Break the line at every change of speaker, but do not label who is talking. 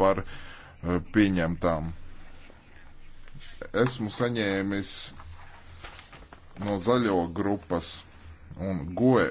par eh, pieņemtām. Esmu saņēmis no zaļo grupas un goe